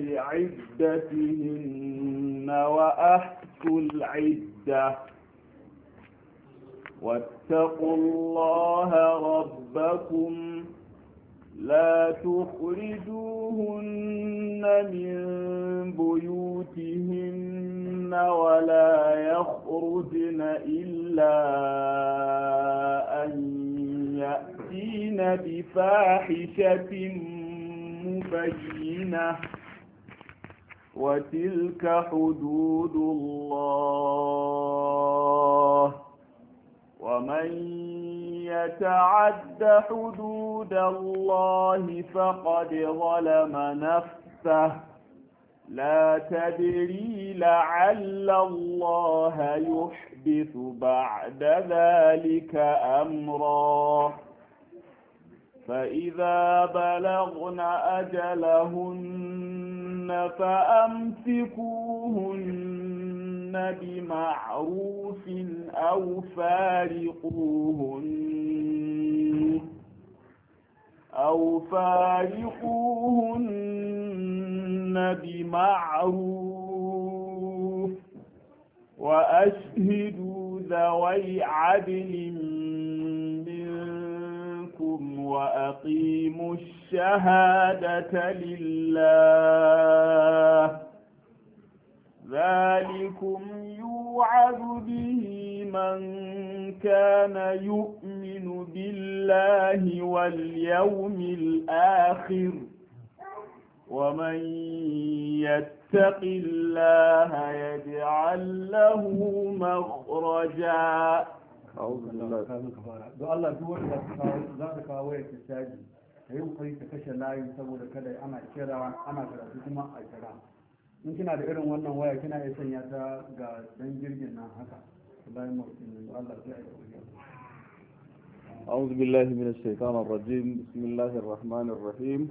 لعدتهن وأحكوا العدة واتقوا الله ربكم لا تخرجوهن من بيوتهن ولا يخرجن إلا أن يأتين بفاحشة مبينة وتلك حدود الله ومن يتعد حدود الله فقد ظلم نفسه لا تدري لعل الله يحدث بعد ذلك أمرا فإذا بلغن أجلهن فَأَمْسِكُوهُنَّ بِمَعْرُوفٍ أَوْ فَارِقُوهُنَّ أَوْ فَارِقُوهُنَّ بِمَعْرُوفٍ وَأَشْهِدُوا ذَوَيْ عَدْلٍ وأقيموا الشهادة لله ذلكم يوعظ به من كان يؤمن بالله واليوم الآخر ومن يتق الله يجعل له مخرجاً أعوذ بالله don Allah duk wanda za ka kawo ta caji ka yi ta kashe layi saboda kada ana kira ana karatu kuma a kira in kina da irin wannan waya kina iya sanya ta ga dan jirgin nan haka bayan Allah أعوذ بالله من الشيطان الرجيم بسم الله الرحمن الرحيم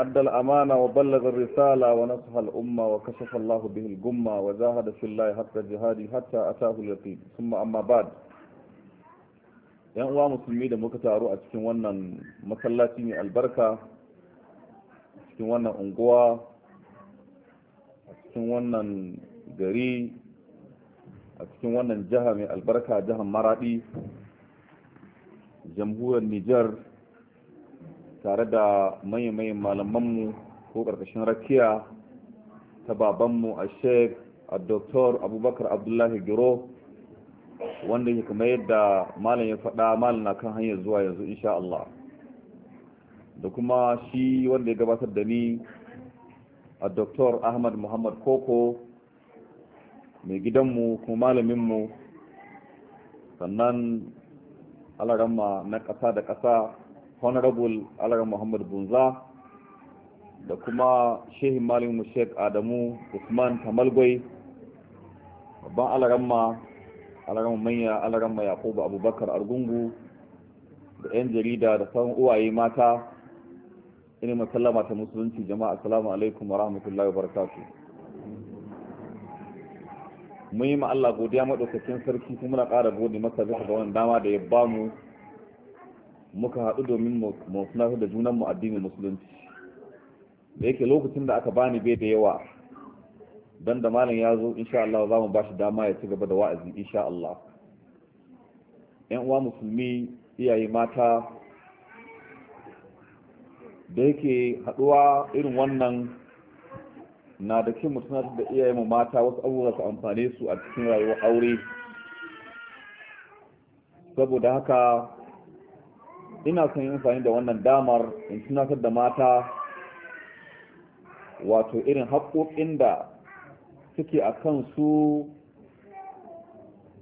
أدى الأمانة وبلغ الرسالة ونصح الأمة وكشف الله به wa وزاهد في الله حتى jihadi, حتى أتاه اليقين ثم أما بعد yan uwa musulmi da muka taru a cikin wannan masallaci mai albarka cikin wannan unguwa a cikin wannan gari a cikin wannan jiha mai albarka jihar maraɗi, jamhuriyar Nijar. tare da mayan malamanmu ko ƙarƙashin rakiya ta babanmu a sheik a doktor abubakar abdullahi giro wanda ya kuma yadda malam ya faɗa malam na kan hanyar zuwa yanzu insha Allah da kuma shi wanda ya gabatar da ni a doktor ahmad muhammad koko mai gidanmu kuma malaminmu sannan alarama na ƙasa da ƙasa honorable alaga muhammad bunza da kuma shehin malamin sheik adamu usman tamalgwai babban alaramma alaramma manya alaramma yakubu abubakar argungu da 'yan jarida da sauran uwaye mata ina masallama ta musulunci jama'a assalamu alaikum wa rahmatullahi wa barakatu mun yi ma Allah godiya madaukakin sarki kuma na ƙara gode masa bisa ga wani dama da ya bamu muka haɗu domin mu da da mu addinin musulunci da yake lokacin da aka bani bai da yawa don da malam ya zo insha Allah za mu ba shi dama ya ci gaba da wa'azi insha Allah yan uwa musulmi iyaye mata da yake haɗuwa irin wannan na da kin mutum da iyaye mu mata wasu abubuwa su amfane su a cikin rayuwar aure saboda haka ina son yin amfani da wannan damar in tunatar da mata wato irin haƙoƙin da suke a kansu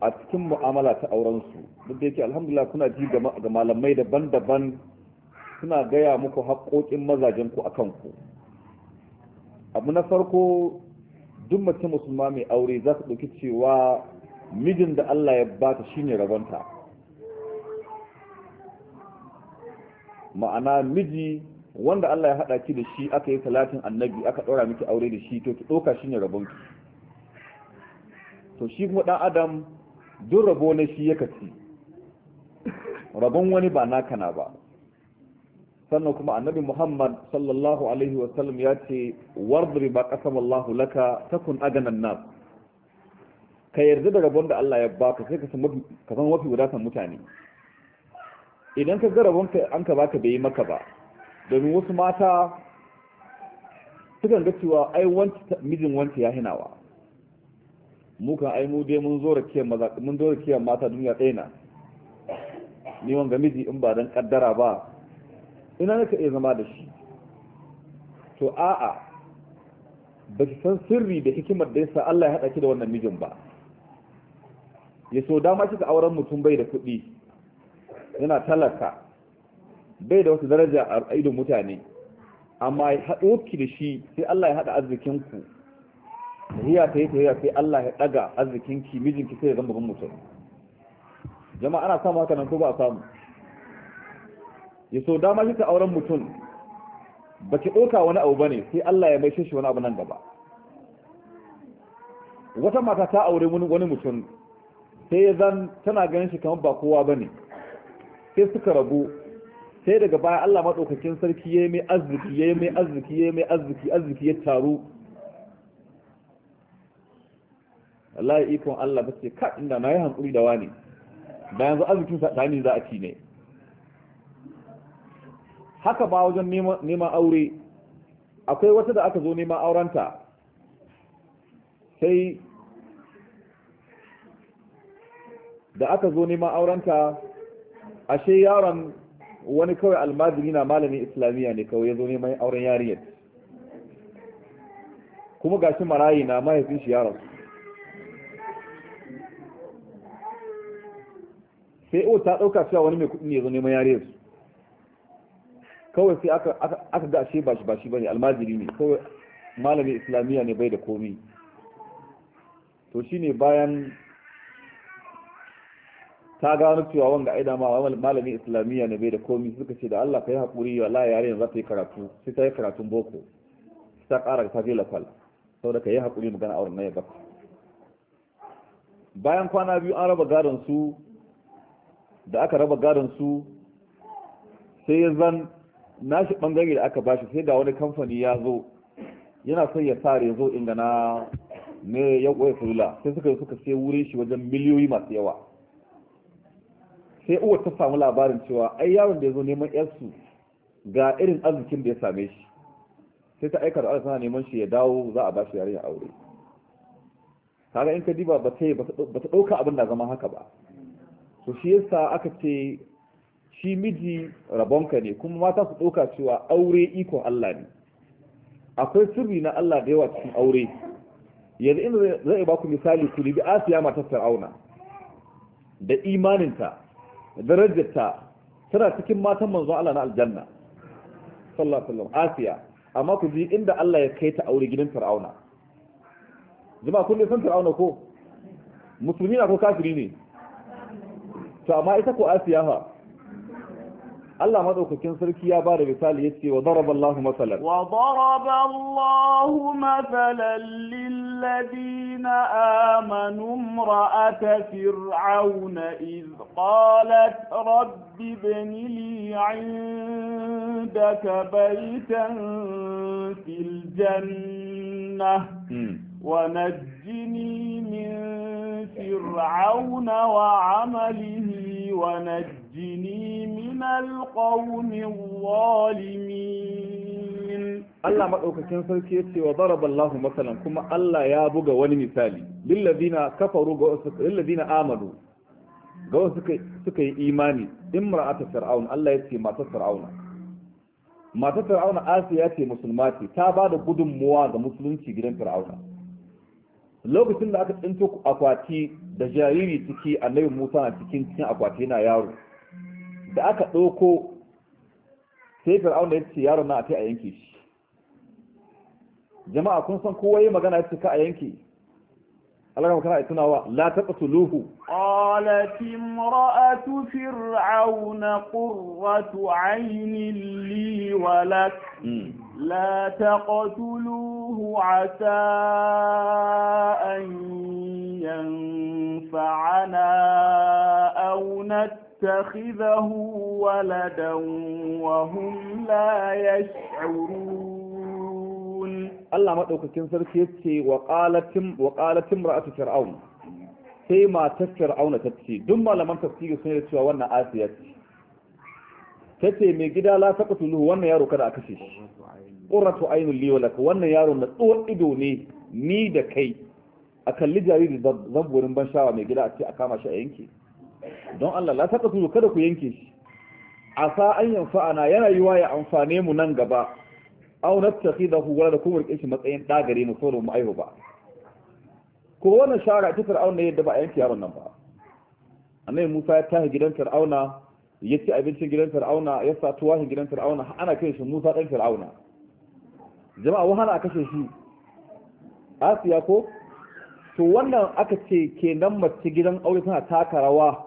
a cikin mu'amala ta aurensu duk da yake alhamdulillah kuna ji ga malamai daban-daban suna gaya muku haƙoƙin mazajenku a kanku abu na farko duk mace musulma mai aure za ta ɗauki cewa mijin da Allah ya bata shine rabonta ma'ana miji wanda Allah ya haɗa ki da shi aka yi talatin annabi aka ɗora miki aure da shi to ki ɗauka shi ne rabon ki to shi kuma ɗan adam duk rabo na shi ya kaci rabon wani ba naka na ba sannan kuma annabi muhammad sallallahu alaihi wa sallam ya ce wardri ba qasam Allah laka takun aganan nas ka yarda da rabon da Allah ya baka sai ka san mafi wadatan mutane idan ka garabonka an ka baka bai yi maka ba domin wasu mata sukan ga cewa ai mijin wanci ya hinawa mukan ai mu dai mun zo rakiyar maza mun zo rakiyar mata duniya tsaye na ni wanga miji in ba dan kaddara ba ina naka iya zama da shi to a'a ba ki san sirri da hikimar da yasa Allah ya haɗa ki da wannan mijin ba ya so dama kika auren mutum bai da kuɗi yana talaka bai da wata daraja a idon mutane amma ya haɗo ki da shi sai Allah ya haɗa arzikinku tahiya ta yi ta tahiya sai Allah ya ɗaga arzikinki mijinki sai ya zama babban mutum jama'a ana samu haka nan ko ba a samu ya so dama shi ta auren mutum ba ki ɗauka wani abu ba ne sai Allah ya mai shi wani abu nan gaba wata mata ta aure wani mutum sai ya zan tana ganin shi kamar ba kowa ba ne sai suka rabu sai daga baya Allah maɗaukakin sarki ya yi mai arziki ya yi mai arziki ya yi mai arziki arziki ya taru Allah ya ikon Allah ba ce ka inda na yi hankuri da wani da yanzu arzikin satani za a ci ne haka ba wajen neman aure akwai wata da aka zo neman aurenta sai da aka zo neman aurenta ashe yaron wani kawai almajiri na malamin islamiyya ne kawai ya zo neman auren yariyar kuma gashi marayi na mahaifin shi yaron sai o ta ɗauka cewa wani mai kuɗi ne ya zo neman yariyar su kawai sai aka ga ashe bashi bashi ba bane almajiri ne kawai malamin islamiyya ne bai da komi to shine bayan ta gano cewa wanda aida ma malami islamiyya ne bai da komi suka ce da Allah kai hakuri wallahi yaren za ta yi karatu sai ta yi karatun boko ta ƙara ta je lafal saboda ka yi hakuri magana auren na ya bayan kwana biyu an raba gadon su da aka raba gadon su sai ya zan nashi bangare da aka bashi sai ga wani kamfani ya zo yana son ya sare ya zo inda na ne ya koya sulula sai suka suka sai wurin shi wajen miliyoyi masu yawa sai uwar ta samu labarin cewa ai yaron da ya zo neman yarsu ga irin arzikin da ya same shi sai ta aika da ana tana neman shi ya dawo za a shi aure kaga in ka diba ba ta ba dauka abin da zama haka ba to shi yasa aka ce shi miji rabonka ne kuma mata su dauka cewa aure iko Allah ne akwai sirri na Allah da yawa cikin aure yanzu in zai ba ku misali ku libi Asiya matar Fir'auna da imaninta darajarta tana cikin matan manzo Allah na aljanna sallallahu alaihi wasallam Asiya amma ku ji inda Allah ya kai ta aure gidan Fir'auna jama'a kun san Fir'auna ko musulmi na ko kafiri ne to amma ita ko Asiya fa Allah madaukakin sarki ya bada misali ce, wa daraba Allahu masalan wa daraba Allahu masalan الذين آمنوا امرأة فرعون إذ قالت رب ابن لي عندك بيتا في الجنة ونجني من فرعون وعمله ونجني من القوم الظالمين الله مدوكاكين sarki yace wa daraballahu masalan kuma Allah ya buga wani misali lillazina kafaru ga lillazina amanu ga wasu suka yi imani imra'atu fir'aun Allah yace matar fir'auna matar fir'auna Asiya ce musulma ce ta ba da gudunmuwa ga musulunci gidan fir'auna lokacin da aka tsinto akwati da jariri ciki annabi musa na cikin cikin akwati yana yaro da aka ɗauko sai fir'auna ya ce yaro na a kai a yanke shi jama'a kun san kowa yi magana ya ce ka a yanke Allah kuma kana tunawa la taqtuluhu qalat imra'atu fir'auna qurratu 'aynin li wa lak hmm. لا تقتلوه عسى أن ينفعنا أو نتخذه ولدا وهم لا يشعرون الله ما تقول سركي يتي وقالت وقالت امرأة فرعون sai matar fir'auna ta ce duk malaman tafsiri sun yi cewa wannan asiya ce ta ce mai gida la saka tuluhu wannan yaro kada a kashe shi ƙurratu ainihin liwalaka wannan yaro na tsohon ido ne ni da kai a kalli jariri zamburin ban shawa mai gida a ce a kama shi a yanke don Allah la saka tuluhu kada ku yanke shi a sa an fa'ana yana yiwa ya amfane mu nan gaba au nattakhidahu wala da kuma rike shi matsayin dagare mu saboda mu aihu ba ko wannan shara ta fir'auna yadda ba a yanke yaron nan ba annabi Musa ya tafi gidan fir'auna ya ci abincin gidan fir'auna ya sa tuwahin gidan fir'auna ana kai shi musa ɗan fir'auna jama'a wahala a kashe shi asiya ko to wannan aka ce kenan mace gidan aure tana taka rawa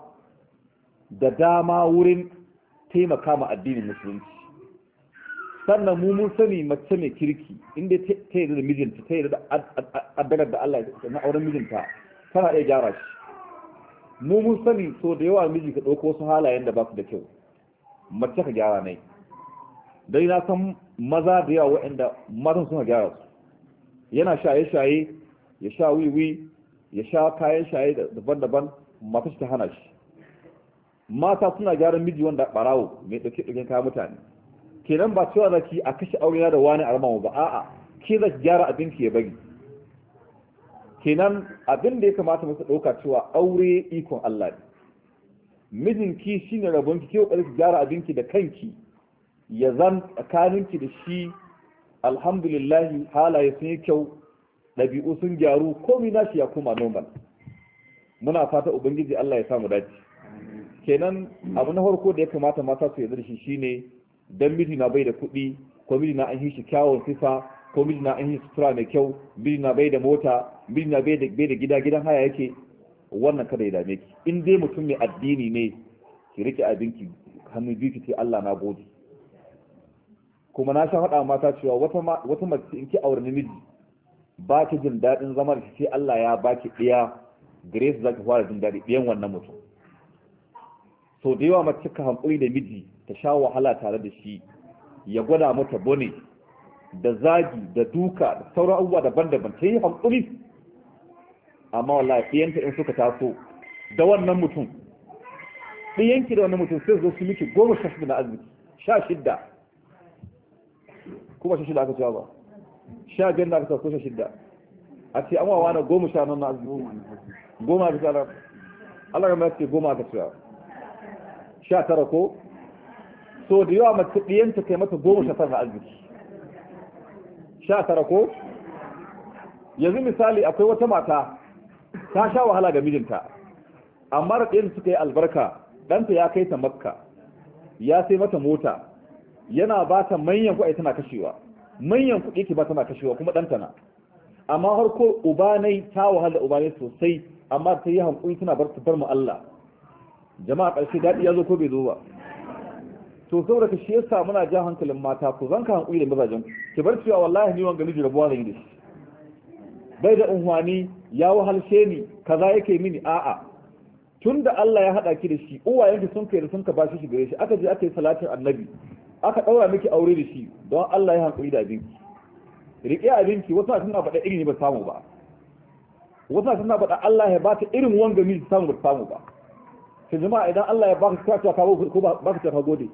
da dama wurin taimaka ma addinin musulunci sannan mu mun sani mace mai kirki inda ta yi da mijinta ta yi da addagar da Allah na auren mijinta tana iya gyara shi mu mun sani so da yawa miji ka ɗauko wasu halayen da ba su da kyau mace ka gyara nai dai na san maza da yawa waɗanda mazan suna gyara su yana shaye-shaye ya sha wiwi ya sha kayan shaye daban-daban mata ta hana shi mata suna gyara miji wanda barawo mai ɗauke ɗauken kayan mutane kenan ba cewa zaki a kashe aure da wani a ba a'a ke zaki gyara abinki ya bari kenan abin da ya kamata musu ɗauka cewa aure ikon Allah ne mijinki shine rabon ki kiyo su gyara abinki da kanki ya zan tsakaninki da shi alhamdulillahi halaye sun yi kyau ɗabi'u sun gyaru komai nashi ya koma normal muna fata ubangiji Allah ya samu dace kenan abu na farko da ya kamata mata su yarda da shi shine dan miji na bai da kuɗi ko miji na an yi shi kyawun sifa ko miji na ainihin sutura mai kyau miji na bai da mota miji na bai da gida gidan haya yake wannan kada ya dame ki in dai mutum mai addini ne ki rike abinki hannu biyu ki ce Allah na gode kuma na sha faɗa mata cewa wata mace in ki aure namiji ba ki jin daɗin zama da sai Allah ya baki ɗaya grace za ki fara jin daɗi ɗayan wannan mutum so da yawa mace ka hankuri da miji ta sha wahala tare da shi ya gwada mata bone da zagi da duka da sauran abubuwa daban-daban ta yi hankuri amma wallahi ɗiyanta in suka taso da wannan mutum ɗiyanki da wannan mutum sai zo su miki goma sha shida na arziki sha shida kuma sha shida aka cewa ba sha biyar na aka ko sha shida a ce an wawa na goma sha nan na arziki goma aka cewa Allah ya ce goma aka cewa sha tara ko so da yawa mace ɗiyanta kai mata goma sha tara na arziki sha tara ko yanzu misali akwai wata mata ta sha wahala ga mijinta amma ɗin suka yi albarka ɗanta ya kai ta makka ya sai mata mota yana ba ta manyan kuɗi tana kashewa manyan kuɗi ke ba tana kashewa kuma ɗanta na amma har ko ubanai ta wahala ubanai sosai amma ta yi hankuli tana bar bar mu Allah jama'a ƙarshe daɗi ya zo ko bai zo ba to saboda ka shi yasa muna ja hankalin mata ku zan ka hankuli da mazajen ki bar cewa wallahi ni wanga miji rabuwa zan yi da shi bai da unhwani ya wahalshe ni kaza yake mini a'a tunda Allah ya haɗa ki da shi uwayen ki sun kai da sun ka ba shi gare shi aka je aka yi salatin annabi aka daura miki aure da shi don Allah ya hankuli da abinki rike abinki wasu suna faɗa irin ne ba samu ba wasu suna faɗa Allah ya bata irin wanga miji samu ba samu ba sai jama'a idan Allah ya baka kaciya ka ko baka ka gode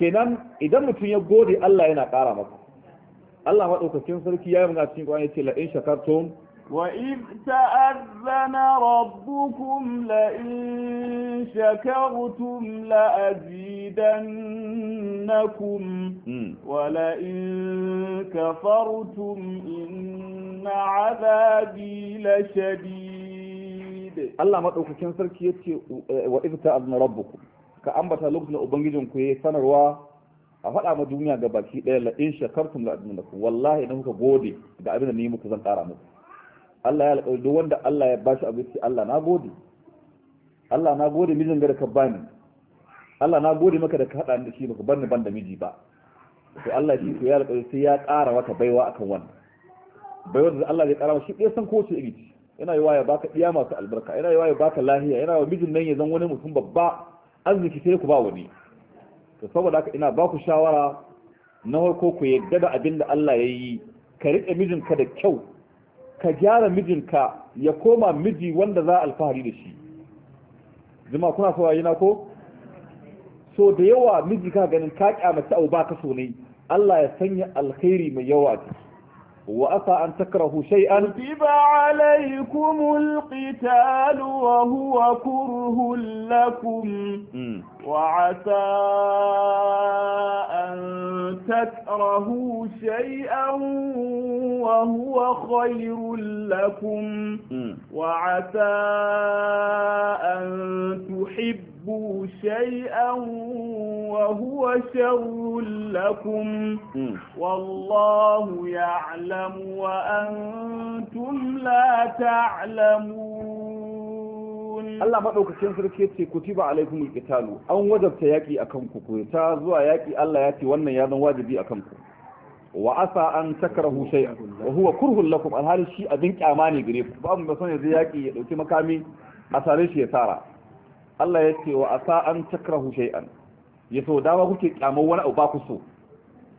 kenan idan mutum ya gode Allah yana ƙara maku. Allah maɗaukakin sarki ya yi mana cikin ƙwani ce la'in shakartum وإذ تأذن ربكم لئن شكرتم لأزيدنكم ولئن كفرتم إن عذابي لشديد الله ما تقول كنسر كيتي وإذ تأذن ربكم ka ambata lokacin da ubangijin ku yayi sanarwa a faɗa ma duniya ga baki ɗaya la in shakartum la ku. wallahi idan kuka gode da abin da ni muku zan ƙara muku Allah ya alƙawari duk wanda Allah ya bashi abin sai Allah na gode Allah na gode mijin ga da ka bani Allah na gode maka da ka haɗa ni da shi baka barni ban da miji ba to Allah shi ya alƙawari sai ya ƙara maka baiwa akan wannan baiwa da Allah zai ƙara shi ɗaya san ko ce iri yana yi ya baka iya masu albarka yana yi ya baka lahiya yana wa mijin nan ya zan wani mutum babba arziki sai ku ba wani to saboda haka ina ba ku shawara na farko ku yadda da abin da Allah ya yi ka riƙe mijinka da kyau ka gyara mijinka ya koma miji wanda za alfahari da shi zama kuna saurayi na ko so da yawa miji ka ganin ka kyamata abu ba ka so ne Allah ya sanya alkhairi mai yawa a وأسى أن تكرهوا شيئا كتب عليكم القتال وهو كره لكم وعسى أن تكرهوا شيئا وهو خير لكم وعسى أن تحبوا تحبوا شيئا وهو شر لكم والله يعلم وأنتم لا تعلمون الله ما دوك cikin sarki yace kutiba alaikumul qitalu an wajabta yaƙi akan ku ku ta zuwa yaki Allah yace wannan ya wajibi akan ku wa asa an takrahu shay'an wa huwa kurhun lakum alhali shi abin kyama ne gare ku ba mu ba sanya zai yaki ya ɗauki makami a sare shi ya tara Allah ya ce wa asa an takrahu shay'an ya so kuke kyamar wani abu ba ku so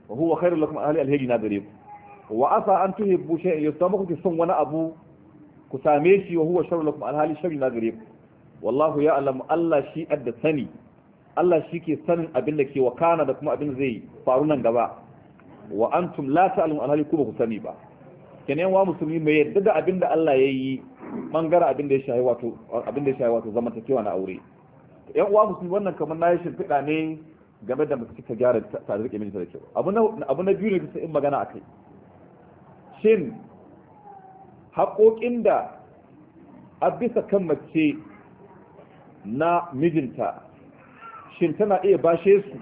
wa huwa khairul lakum ahli alheri na gare ku wa asa an tuhibbu shay'an ya so dama kuke son wani abu ku same shi wa huwa sharrul lakum alhali sharri na gare ku wallahu ya'lamu Allah shi adda sani Allah shi ke sanin abin da ke wakana da kuma abin zai faru nan gaba wa antum la ta'lamu alhali kuma ku sani ba kenan wa musulmi mai yadda da abin da Allah ya yi bangaren abin da ya shayi wato zamantakewa na aure yan uwa musulmi wannan kamar na yi shimfiɗa ne game da mace ta gyara ta rike mijinta da kyau abu na biyu ne kusa in magana a kai shin haƙoƙin da abisa kan mace na mijinta shin tana iya bashe su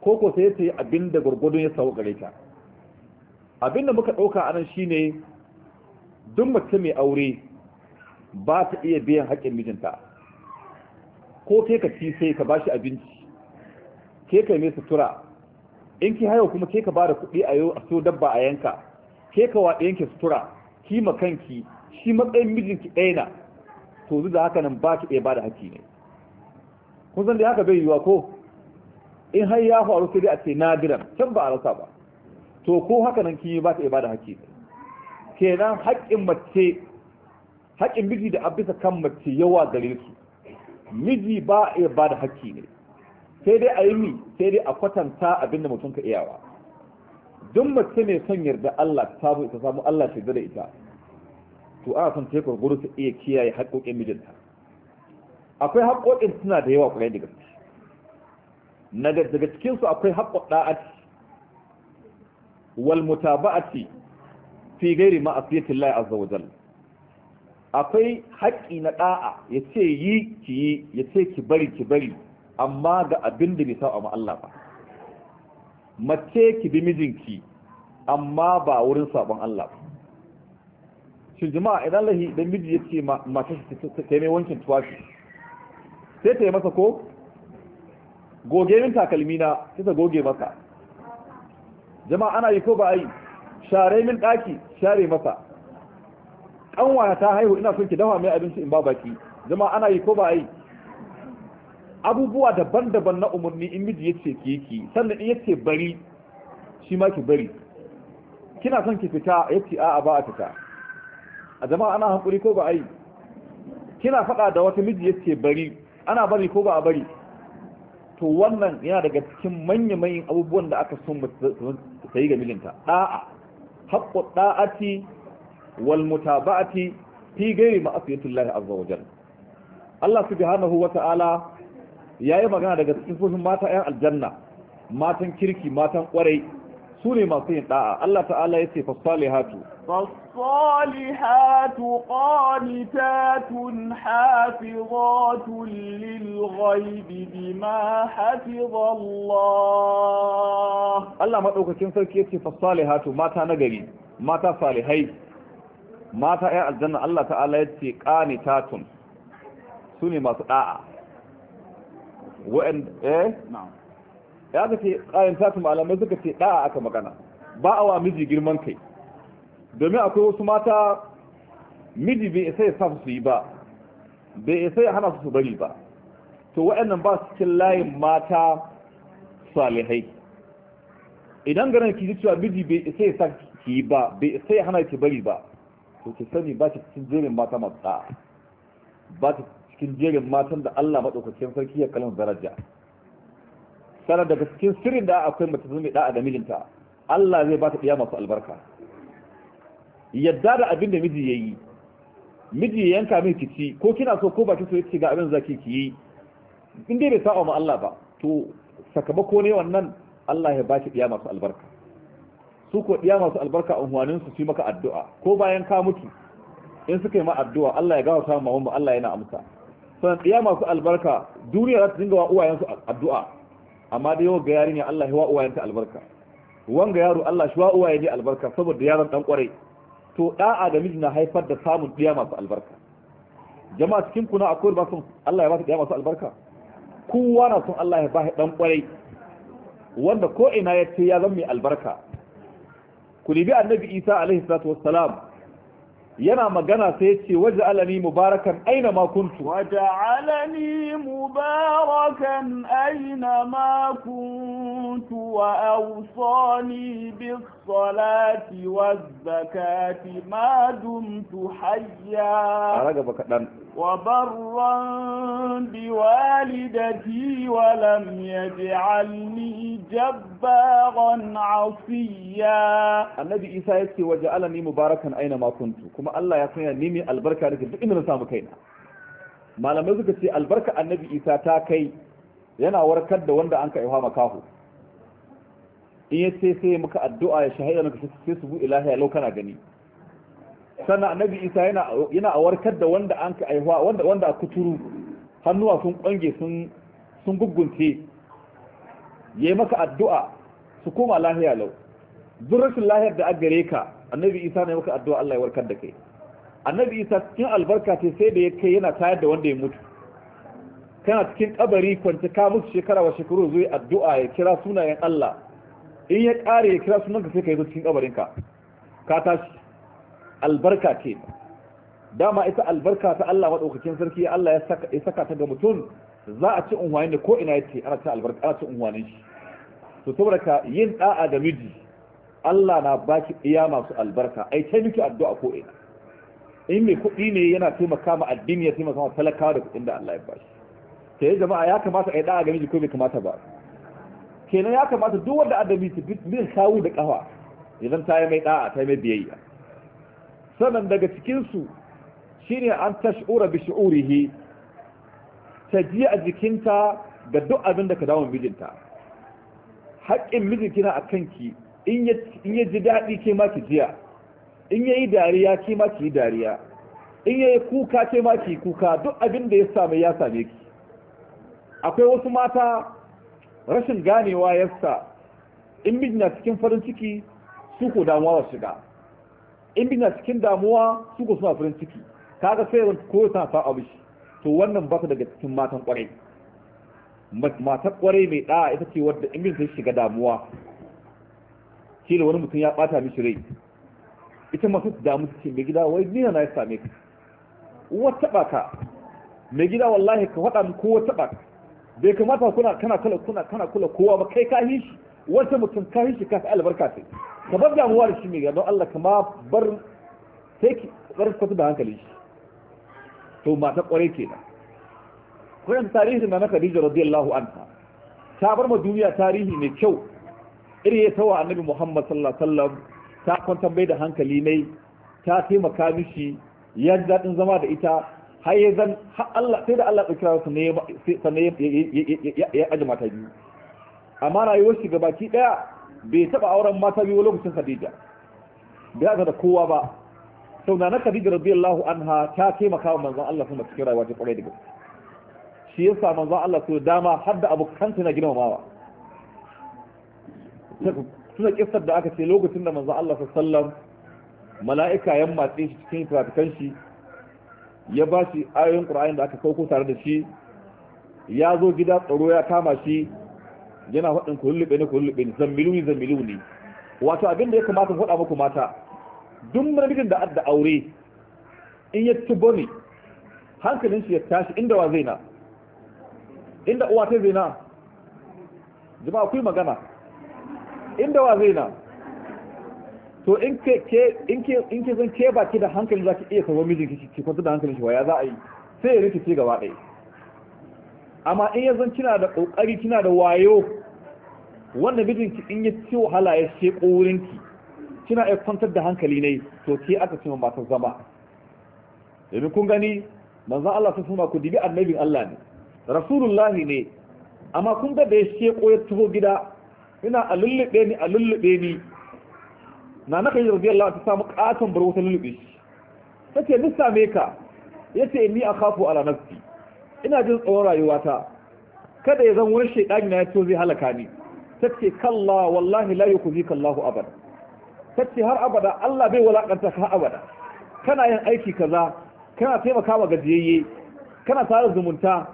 ko ko sai ta yi abin da gwargwadon ya samu gare ta Abinda muka ɗauka anan shine duk mace mai aure ba ta iya biyan haƙƙin mijinta ko ke ka ci sai ka bashi abinci ke ka mai sutura in ki haihu kuma ke ka ba da kuɗi a yau a so dabba a yanka ke ka wa yanke sutura ki kanki shi matsayin mijinki ɗaya na to zu da haka nan ba ki ɗaya ba da haƙƙi ne kun san da haka bai yiwuwa ko in har ya faru sai dai a ce nadiran can ba a rasa ba to ko haka nan ki ba ki ɗaya ba da haƙƙi ne kenan haƙƙin mace haƙƙin miji da abisa kan mace yawa gare su miji ba a ba da haƙƙi ne sai dai a yi mi sai dai a kwatanta abinda mutum ka iyawa duk mace ne son yarda Allah ta samu ita samu Allah shi da ita to ana son ta gudu ta iya kiyaye haƙƙoƙin mijinta akwai haƙƙoƙin suna da yawa daga da gaske daga cikinsu akwai haƙƙoƙin da'ati wal mutaba'ati fi gairi ma'asiyati Allah a wa akwai haƙƙi na ɗa'a ya ce yi ki yi ya ce ki bari ki bari amma ga abin da bai saba ma Allah ba mace ki bi mijinki amma ba wurin saban Allah ba shi jima'a idan lahi don miji yace mace ta mai wankin tuwafi sai ta yi masa ko goge min takalmi na sai ta goge masa jama'a ana yi ko ba a yi share min daki share masa kanwa ta haihu ina son ki dafa mai abinci in ba baki zama ana yi ko ba yi abubuwa daban-daban na umarni in miji yace ki ki sannan in yace bari shi ma ki bari kina son ki fita yace a'a ba a fita a zama ana hankuri ko ba ai kina faɗa da wata miji yace bari ana bari ko ba a bari to wannan yana daga cikin manya-manyan abubuwan da aka son ta yi ga milinta ɗa'a. haqqu da'ati walmutaba'ati mutaba'ati fi ghairi ma'asiyatillah azza wa jalla Allah subhanahu wa ta'ala yayi magana daga sifofin mata 'yan aljanna matan kirki matan kwarai su ne masu yin ɗa'a. Allah ta'ala yace fasalihatu fasalihatu qala قانتات حافظات للغيب بما حفظ الله الله مدوكاكين sarki yace fasalihatu mata nagari mata salihai mata ƴan aljanna الجنه الله تعالى يتي قانتات سوني ما صدا eh ايه ya ga ce قانتات ما لما زكتي da'a aka magana ba awa miji girman kai domin akwai wasu mata miji bai isa ya sa su yi ba bai isa ya hana su su bari ba to waɗannan ba su cikin layin mata salihai idan garin ki ji cewa miji bai isa ya sa ki yi ba bai isa ya hana ki bari ba to ki sani ba ki cikin jerin mata masu da'a ba ki cikin jerin matan da Allah maɗaukacin sarki ya kalan daraja sana daga cikin sirrin da akwai mace zama da'a da mijinta Allah zai ba ta ɗiya masu albarka yadda da abin da miji ya yi miji yanka min kici ko kina so ko baki so yace ga abin zaki ki yi in dai bai sa'a ma Allah ba to sakamako ne wannan Allah ya bashi diya masu albarka su ko diya masu albarka huwanin su su maka addu'a ko bayan ka mutu in suka yi ma addu'a Allah ya gafarta ma mu Allah yana amsa san diya masu albarka duniya za ta dinga wa uwayen su addu'a amma da yau ga yarinya Allah ya wa uwayen ta albarka wanga yaro Allah shi wa uwaye ne albarka saboda yaron dan kwarai to da'a da miji na haifar da samun ɗiya masu albarka jama'a cikin kuna akwai ba sun Allah ya ba su ɗiya masu albarka kowa na sun Allah ya ba shi ɗan ƙwarai wanda ko ina ya ce ya zama mai albarka ku ribi annabi isa alaihi salatu wassalam yana magana sai ya ce waje alani mubarakan aina ma kuntu waje alani mubarakan aina ma kuntu wa bis salati waz zakati ma dumtu hayya a ragaba kaɗan وبرا بوالدتي ولم يجعلني جبارا عصيا النبي عيسى يكي وجعلني مباركا اينما كنت كما الله يكون نيمي البركه لك duk inda na samu kaina malamai suka ce albarka annabi isa ta kai yana warkar da wanda an ka aiwa makaho. in ce sai muka addu'a ya shahida maka sai su bu ilahi lau kana gani sana annabi isa yana yana awarkar da wanda an ka aihuwa wanda wanda a kuturu hannuwa sun kwange sun sun gugunte yayi maka addu'a su koma lahiya lau duk rashin lahiyar da aggare ka annabi isa ne maka addu'a Allah ya warkar da kai annabi isa cikin albarka ce sai da ya kai yana tayar da wanda ya mutu kana cikin kabari kwanci ka musu shekara wa shekaru zuwa addu'a ya kira sunayen Allah in ya kare ya kira sunanka sai ka yi cikin kabarin ka ka tashi albarka ce dama ita albarka ta Allah maɗaukakin sarki Allah ya saka ta ga mutum za a ci unwani ko ina yace ana ci albarka ana ci unwanin shi to saboda yin da'a ga miji Allah na baki iya masu albarka ai ta miki addu'a ko ina in mai kuɗi ne yana taimaka ma addini ya taimaka ma talakawa da kuɗin da Allah ya bashi ta yi jama'a ya kamata a yi da'a ga miji ko bai kamata ba kenan ya kamata duk wanda adabi ta bin sawu da kafa idan ta yi mai da'a ta yi mai biyayya sannan daga cikinsu shine an tash'ura bi shu'urihi ta ji a jikinta ga duk abin da ka dawo mijinta haƙƙin mijinki na a kanki in ya ji daɗi ke ma ki jiya in ya yi dariya ke ma ki yi dariya in ya yi kuka ke ma ki kuka duk abin da ya same ya same ki akwai wasu mata rashin ganewa yasa in mijina cikin farin ciki su ko damuwa shiga in na cikin damuwa su ko suna farin ciki kaga sai zan ko ta ta abu shi to wannan ba ta daga cikin matan kwarai matan kwarai mai da ita ce wadda in bin ta shiga damuwa shi ne wani mutum ya bata mishi rai ita masu damu ta ce mai gida wai ni na ya same ka uwar taɓa ka mai gida wallahi ka faɗa Ko kowa taɓa ka bai kamata kuna kana kula kuna kana kula kowa ba kai ka hishi wata mutum ka hishi ka albarka sai ka bar damuwa da shi mai gaba Allah kama bar sai ki bar kwatu da hankali shi to mata kwarai kenan kuran tarihi na na Khadija radiyallahu anha ta bar ma duniya tarihi mai kyau iri ya tawa annabi Muhammad sallallahu alaihi wasallam ta kwantar bai da hankali ne ta taimaka mishi ya ji daɗin zama da ita har ya zan Allah sai da Allah ya ne sai sannan ya aji mata biyu amma rayuwar shi gabaki ɗaya bai taba auren mata biyu lokacin khadija bai haka da kowa ba sau na na khadija radiyallahu anha ta taimaka wa manzon Allah cikin rayuwa ta kwarai da gaske shi yasa manzon Allah su dama har da abokansa na girmamawa suna kissar da aka ce lokacin da manzon Allah Sallan, mala'ika yan matse shi cikin fatikan shi ya ba shi ayoyin qur'ani da aka sauko tare da shi ya zo gida tsaro ya kama shi yana faɗin ku lullube ne ku lullube ne zammilu ne zammilu ne wato abin da ya kamata faɗa muku mata duk namijin da adda aure in ya tubo ne hankalin shi ya tashi inda wa zai na inda uwa ta zai na jama'a ku magana inda wa zai na to in ke in ke in ke zan ke baki da hankali zaki iya kawo mijin ki kwanta da hankalin shi waya za a yi sai ya rikice gaba ɗaya amma in ya zan kina da ƙoƙari kina da wayo wannan mijinki in ya ci wahala ya ce ƙorinki kina iya kwantar da hankali ne to ke aka ce masu zama domin kun gani manzan Allah sun suna ku dibi annabin Allah ne rasulullahi ne amma kun ga da ya ce ya tuho gida ina a lullube ni a lullube ni na na kai yarda Allah ta samu katon bar wata lullube shi tace ni same ka yace ni a akhafu ala nafsi ina jin tsoron rayuwata kada ya zan wurin shedani na ya to zai halaka ni tace kalla wallahi la yukhzika Allahu abada tace har abada Allah bai walakanta ka abada kana yin aiki kaza kana taimakawa gajiyayye kana tare zumunta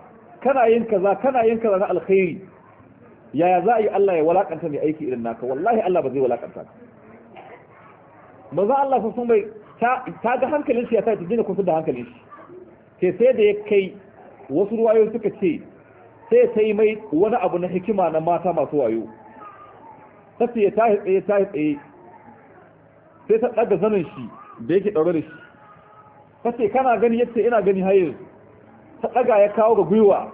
kana yin kaza kana yin kaza na alkhairi yaya za a yi Allah ya walakanta mai aiki irin naka wallahi Allah ba zai walakanta ka maza Allah sun sun bai ta ga hankalin shi ya sa ta jina kusa da hankalin shi ke sai da ya kai wasu ruwayoyi suka ce sai ta yi mai wani abu na hikima na mata masu wayo ta ce ya tahi tsaye tahi tsaye sai ta ɗaga zanen shi da yake ɗaure da shi ta ce kana gani yadda ina gani hayar ta ɗaga ya kawo ga gwiwa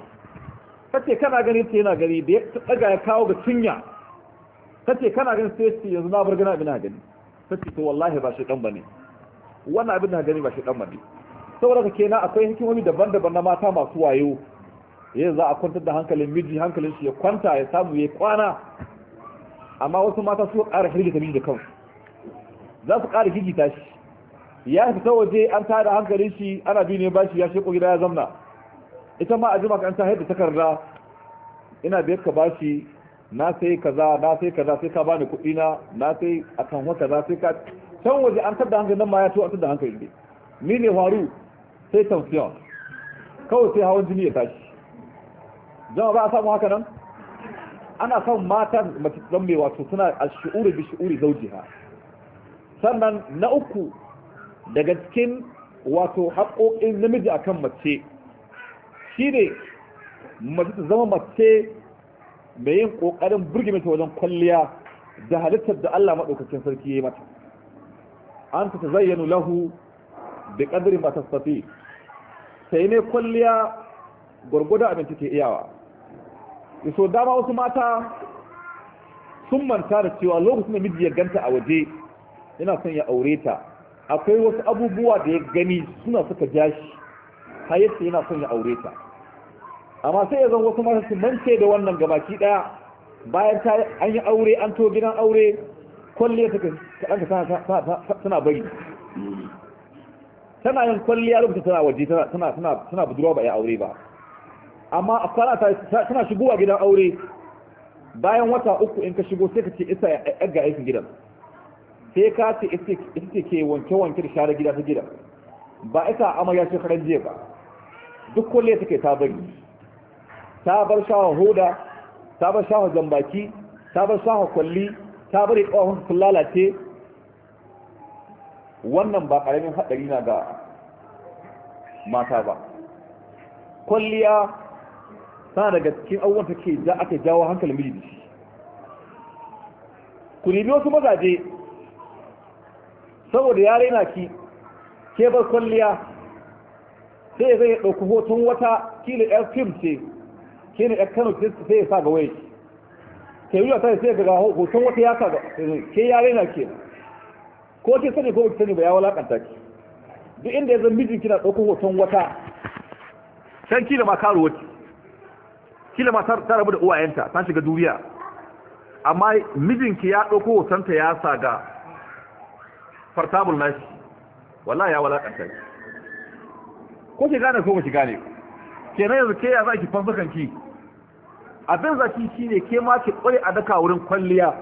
ta ce kana gani yadda ina gani da ta ɗaga ya kawo ga cinya ta ce kana gani sai ce yanzu na bar gana abin gani ta ce to wallahi ba shi ɗan ba ne wannan abin na gani ba shi ɗan ba ne saboda ka na akwai hikimomi daban-daban na mata masu wayo yanzu za a kwantar da hankalin miji hankalin shi ya kwanta ya samu ya kwana amma wasu mata su ƙara hirgita miji da kansu za su ƙara gigita shi ya fi ta waje an tada hankalin shi ana bi ne ba shi ya shi gida ya zamna ita ma a jima ka an ta haifar takarda ina biyar ka ba shi na sai kaza na sai kaza sai ka bani kuɗi na na sai a kan wata za sai ka can waje an tada hankalin nan ma ya to an tada hankalin ne ni ne faru sai tamfiyon kawai sai hawan jini ya tashi Zama ba a samu haka nan ana son matan mace don mai wato suna a shi'uri bi shi'uri ha sannan na uku daga cikin wato haƙoƙin namiji a kan mace shi ne mace ta zama mace mai yin ƙoƙarin burge mata wajen kwalliya da halittar da Allah maɗaukacin sarki ya yi mata an ta zayyanu lahu da ƙadirin ba ta sai ne kwalliya gwargwada abin take iyawa so dama wasu mata sun manta da cewa lokacin da miji ya ganta a waje yana son ya aure ta akwai wasu abubuwa da ya gani suna suka shi har yadda yana son ya aure ta amma sai ya zan wasu mata su mance da wannan gabaki daya bayan ta an yi aure an to gidan aure kwalliya ta kaɗan tana bari tana yin kwalliya lokacin tana waje tana budurwa ba ya aure ba amma a fara tana shigowa gidan aure bayan wata uku in ka shigo sai ka ce isa ya ga aikin gidan sai ka ce ita ke wanke-wanke da share gida ta gidan ba isa amarya shekaran jiya ba duk kulle take ta bari ta bar shawa hoda ta bar shawa zambaki ta bar shawa kwalli ta bari kawahun sun lalace wannan ba ƙaramin haɗari na ga mata ba kwalliya sana daga cikin abubuwan take da aka jawo hankalin miji da shi ku nemi wasu mazaje saboda yare na ki ke bar kwalliya sai ya zai ɗauki hoton wata kila yar fim ce ke ne yar kano sai ya sa ga waya ke yi wata sai ga hoton wata ya sa ga ke yare na ke ko ke sani ko ke sani ba ya walakanta ki duk inda ya zan mijin kina ɗauko hoton wata can kila ma karuwa ki kila ma ta rabu da uwayenta ta shiga duniya amma mijinki ya ɗauko hotonta ya sa ga fartabul nashi wala ya wala kanta ko ki gane ko ba ki gane kenan yanzu ke ya za ki fansa kanki abin zaki shine ke ma ki kware a daka wurin kwalliya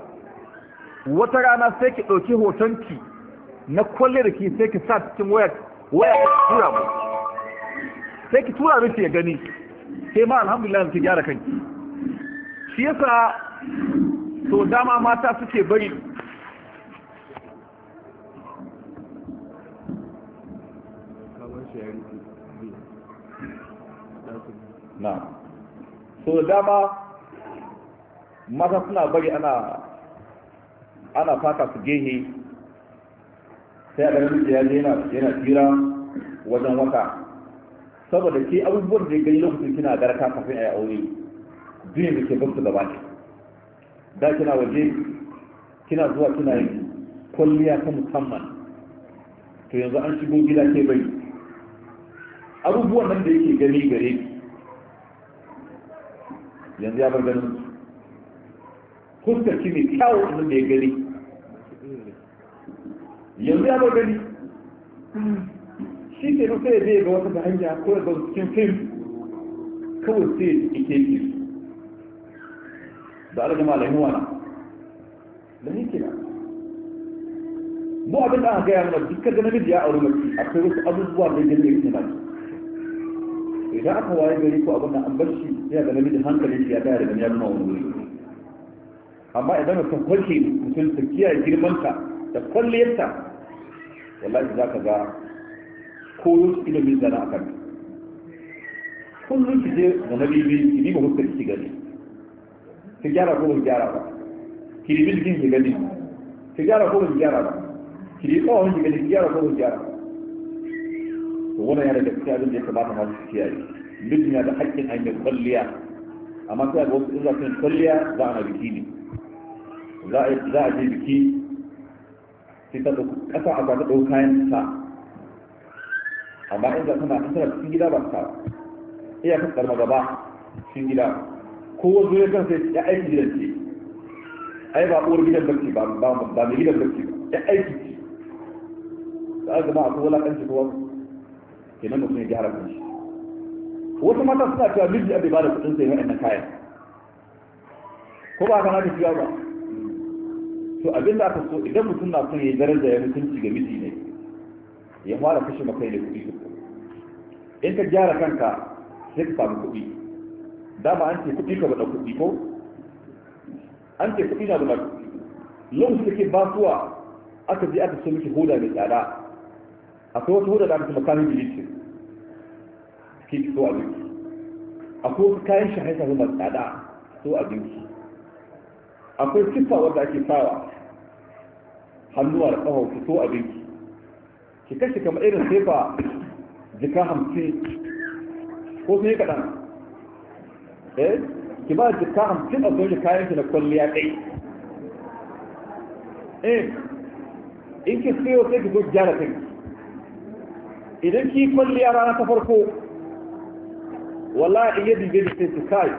wata rana sai ki ɗauki hotonki na kwalliya da ki sai ki sa cikin waya waya tura mu sai ki tura miki ya gani sai ma alhamdulillah su gyara kanki shi yasa to dama mata suke bari na so dama mata suna bari ana ana fata su gehe sai a ɗan yana yana tira wajen wata saboda ke abubuwan da ya gani lokacin kina garka kafin a yi aure duniya da ke gamsu gaba ne da kina waje kina zuwa kina yi kwalliya ta musamman to yanzu an shigo gida ke bai abubuwan nan da yake gani gare yanzu ya bar ganin fuskar kini kyawun nan da ya gani yanzu ya bar gani shi ke nan zai ga wata da hanya ko da cikin fim kawai sai ike yi da alaƙa jama'a lahimu wana lahi ke na. mu abin da aka gaya mana dukkan da namiji ya auri mace kai wasu abubuwa da yake ne kuma idan aka waye gari ko abin da an bar shi yana da namiji hankali shi ya gaya da ya kuma wani wuri amma idan mutum kwalke mutum ta kiyaye girmanta da kwalliyarta wallahi za ka ga Ko su ilimin zana a kan kullum ki je na bibi ki bi ba huskar ki gani ki gyara ko ki gyara ba ki ribi jikin ki gani ki gyara ko ki gyara ba ki ribi tsawon ki gani ki gyara ko ki gyara ba to wannan yana da gaskiya abin da ya ta masu su kiyaye mutum ya da hakkin an yi kwalliya amma sai ga wasu in za su yi kwalliya za a na biki ne za a je biki sai ta ɗauki ƙasa a ba ta ɗauki kayan ta amma inda tana tana cikin gida ba ta iya kasar magaba cikin gida ko wanzu ya kansa ya aiki gidan ce ai ba uwar gidan barci ba ba mai gidan barci ba ya aiki ce da aka gama akwai wulakanci kowa nan mutum ya gyara kan shi wasu mata suna cewa miji abu ba da kudin sai wa'annan kayan ko ba ka da shiga ba to abin da aka so idan mutum na son ya yi daraja ya mutunci ga miji ne ya fara kashe maka da kuɗi su in ka gyara kanka sai ka samu kuɗi dama an ce kuɗi ka bada kuɗi ko an ce kuɗi na da kuɗi lokacin da ke basuwa aka je aka so miki hoda mai tsada akwai wata hoda da aka ce makamin bilicin ke so biki. akwai wata kayan shahai sa mai tsada so a biki. akwai siffa wadda ake sawa hannuwa da ƙafa so a biki. ki kashi kamar irin sefa jika hamsin ko yi kaɗan eh ki ba jika hamsin a soke kayan ki na kwalliya ɗai eh in ki siyo sai ki zo gyara ta idan ki kwalliya rana ta farko wallahi in yadda gani sai ki kai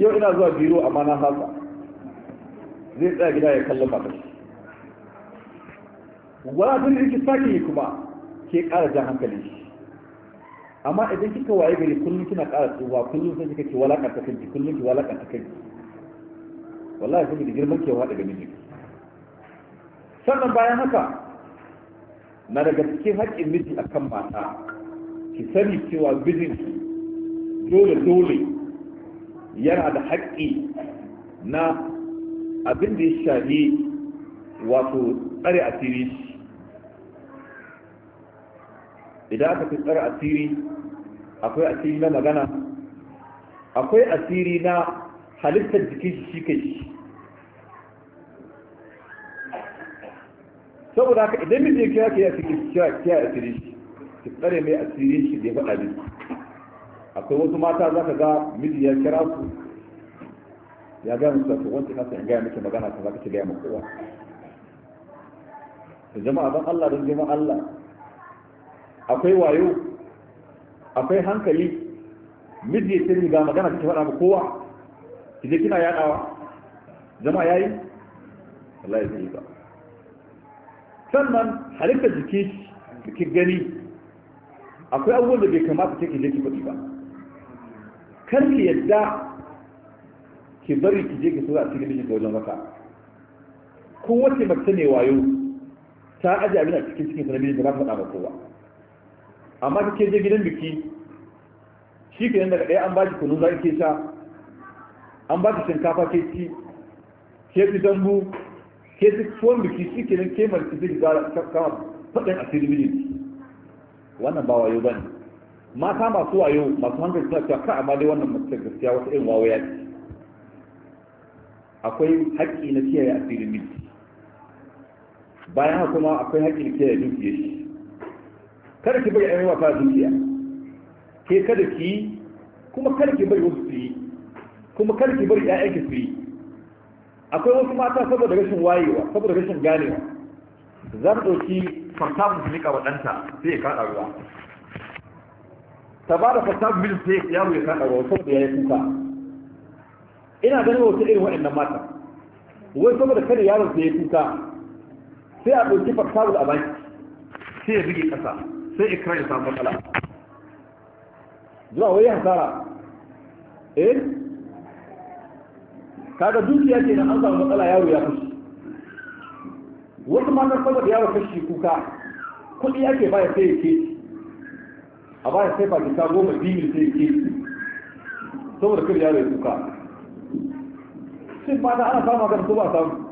yau ina zuwa biro amma na hasa zai tsaya gida ya kallon matashi wala tun da sake yi kuma ke ƙara jan hankali shi amma idan kika waye gari kullum kina ƙara tsuwa kullum sai kika ce wala ta kanki kullum ki wala ta kanki wallahi sai da girman kewa daga miji sannan bayan haka na daga cikin haƙƙin miji akan mata ki sani cewa mijinki dole dole yana da haƙƙi na abin da ya shafi wato tsare asiri shi idan aka fi tsara asiri akwai asiri na magana akwai asiri na halittar jikin shi ke shi saboda haka idan mutum kira ka ya fi kiyaye asiri shi ki tsare mai asirin shi da ya faɗa miki akwai wasu mata za ka ga miji ya kira su ya gaya musu wasu wancan nasa in gaya miki magana ta za ka ci gaya ma kowa da jama'a don Allah don jama'a Allah akwai wayo akwai hankali miji ya sirri ga magana cikin faɗa ma kowa ki kina yaɗawa zama yayi Allah ya yi ba sannan halitta jiki da ki gani akwai abubuwan da bai kamata kike je ki faɗi ba kar ki yadda ki bari ki je ki so a cikin mijin da wajen maka ko wace mace ne wayo ta aje abin a cikin cikin sanabi da ba ta faɗa ma kowa amma kake je gidan biki shi ke daga ɗaya an baki kunu za ke sha an baki shinkafa ke ci ke fi zambu ke fi tuwon biki shi ke nan ke malci zai gara kama faɗin asiri miji wannan ba wayo ba ne mata masu wayo masu hankali suna cewa kan amma dai wannan mace gaskiya wata irin wawaya ce akwai haƙƙi na kiyaye asirin miji bayan haka kuma akwai haƙƙi na kiyaye dukiyar shi kada ki bai ayi wata zuciya ke kada ki kuma kada ki bai wasu yi kuma kada ki bari 'ya'yan su akwai wasu mata saboda rashin wayewa saboda rashin ganewa za ta ɗauki fantamun su nika wa ɗanta sai ya kaɗa ruwa ta ba da fantamun mil sai yaro ya kaɗa ruwa saboda ya yi kuka ina ganin wasu irin waɗannan mata wai saboda kada yaron sai ya kuka sai a ɗauki fantamun a baki sai ya buge ƙasa sai ikra ya samu matsala zuwa wai hasara eh kaga dukiya ce na an samu matsala yaro ya kashi wasu matan saboda yaro kashi kuka kuɗi ake baya sai ya ke a baya sai ta goma biyu sai ya ke saboda kar yaro ya kuka shin fata ana samu haka ko ba samu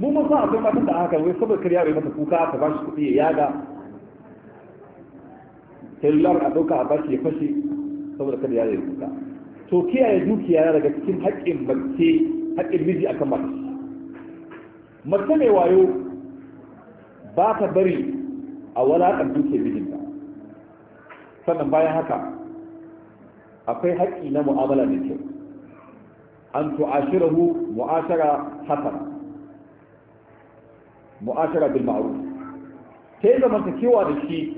Mun mun sa akwai matan da aka wai saboda kar yaro ya mata kuka ta ba shi kuɗi ya yaga cellular a ɗauka a bashi ya fashe saboda kada ya yi kuka to kiyaye dukiya na daga cikin haƙƙin mace haƙƙin miji akan mace mace mai wayo ba ta bari a walaƙar dukiyar mijinta sannan bayan haka akwai haƙƙi na mu'amala ne kyau an ashirahu mu'ashara hasana mu'ashara bil ma'ruf sai zamantakewa da shi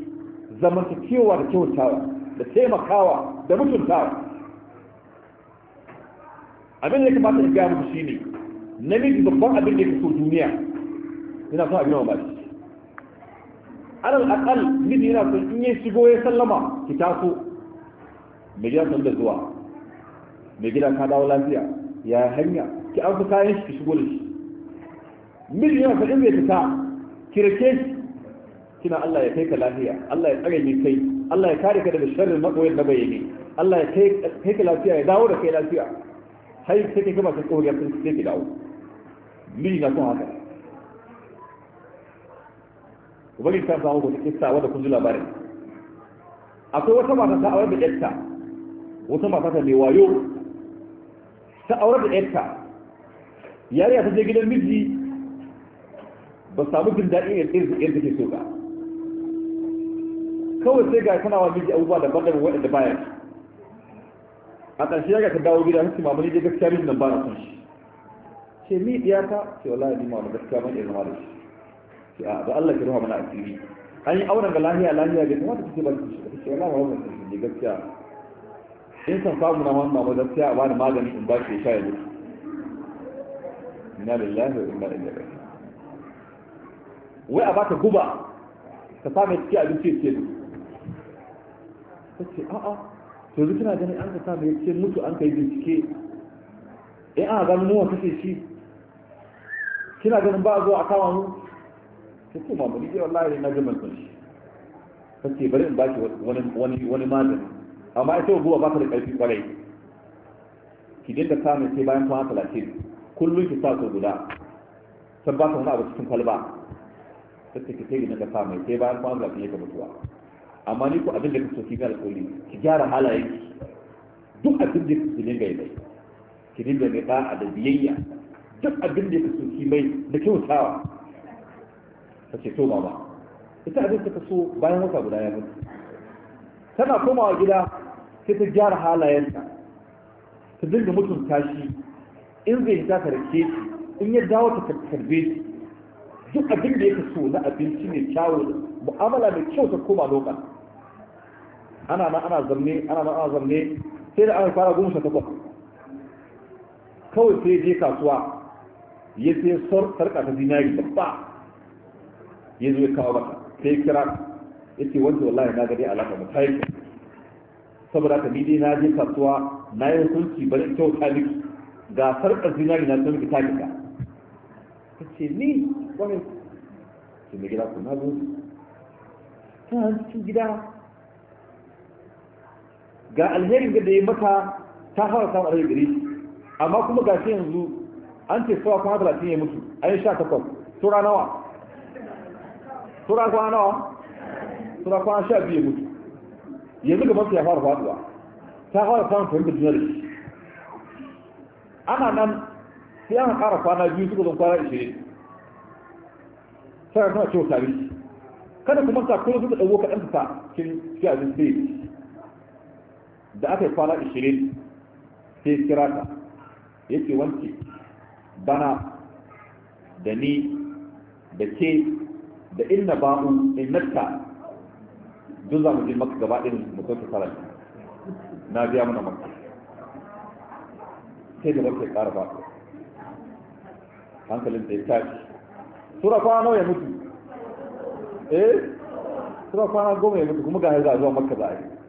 cewa da kyautawa da taimakawa da mutuntawa abin da ya kamata in gaya muku shine namiji babban abin da ya kaso duniya yana son abin ba shi alal akal miji yana son in ya shigo ya sallama ki taso mai gida sun da zuwa mai gida ka dawo lafiya ya hanya ki an fi kayan shi ki shigo da shi miji yana son in bai fita ki shi kina Allah ya kai ka lafiya Allah ya tsare ni kai Allah ya kare ka daga sharrin makoyin da bayyane Allah ya kai ka lafiya ya dawo da kai lafiya har sai kai kuma ka tsohon ya sun sai ki dawo miji na son haka ubangiji ta samu wata kissa wadda kun ji labarin akwai wata mata ta aure da yarta wata mata ta mai wayo ta aure da yarta yariya ta je gidan miji ba samu jin daɗin yadda yadda ke so ba kawai sai ga kana wa miji abubuwa daban daban waɗanda baya a ƙarshe ya ga ka dawo gida hukuma mamuni da gaskiya mijin nan ba na son shi ce ni diyata ce wallahi ni ma wani gaskiya ban iya zama da shi ce a da Allah ke ruwa mana a tsiri an yi auren ga lahiya lahiya ga kuma ta ce ban shi ce wallahi wannan ne gaskiya in san samu na wani ma gaskiya a bani magani in ba shi ya sha ya mutu inna lillahi wa inna ilaihi wai a baka guba ka samu ciki abinci ce ce ta ce a'a to yanzu kina ganin an ka sa mai ce mutu an ka yi bincike in eh, ana ganin nuwa ce shi kina ganin ba a zuwa a kama mu ta ce ma muni jiran wallahi na gaman sun shi ta ce bari in baki wani magani amma ita guba ba ta da ƙarfi kwarai ki dinga mai ce bayan kwana talatin kullum ki sa sau guda san ba ka wani abu cikin kwalba ta ce ki sai ki dinga mai ce bayan kwana talatin ya ka mutuwa amma ni ku abin da so ki ga koli ki gyara halayen ki duk abin da kake dinga yi mai ki dinga mai ba a da biyayya duk abin da so ki mai da kyautawa ta ce to baba ita abin da kake so bayan wata guda ya mutu tana komawa gida sai ta gyara ka ta dinga mutunta shi in zai ta tarke shi in ya dawo ta karbe shi duk abin da yake so na abinci mai kyawu mu'amala mai kyau ta koma lokal ana ma ana zanne ana ma ana zanne sai da aka fara goma sha takwas kawai sai je kasuwa ya sai sarka ta zinari babba ya zo ya kawo mata sai kira ya ce wanda wallahi na gade alaka mu tayi saboda ka dai na je kasuwa na yi hukunci bari kyauta miki ga sarka zinari na sun ta mika ta ce ni wani sai mai gida ku na zo ta cikin gida ga alherin da ya mata ta fara samun alheri gare shi amma kuma ga yanzu an ce sawa kuma latin ya mutu a yi sha takwas tura nawa tura kwana nawa tura kwana sha biyu ya mutu yanzu gaban su ya fara faduwa ta fara samun fahimtar juna da shi ana nan sai an kara kwana biyu suka zan kwana ishirin sai kuma cewa tare kada kuma sa kuma suka ɗauko kaɗan ta cikin cikin abin sai da aka yi kwana 20 sai kira ta yake wance bana da ni da ke da inna ba'u innata duk za mu je maka gaba ɗin mu sauke salari na biya muna maka sai da wata ƙara ba hankalin da ya tashi sura kwana nawa ya mutu eh sura kwana goma ya mutu kuma ga za a zuwa maka za a yi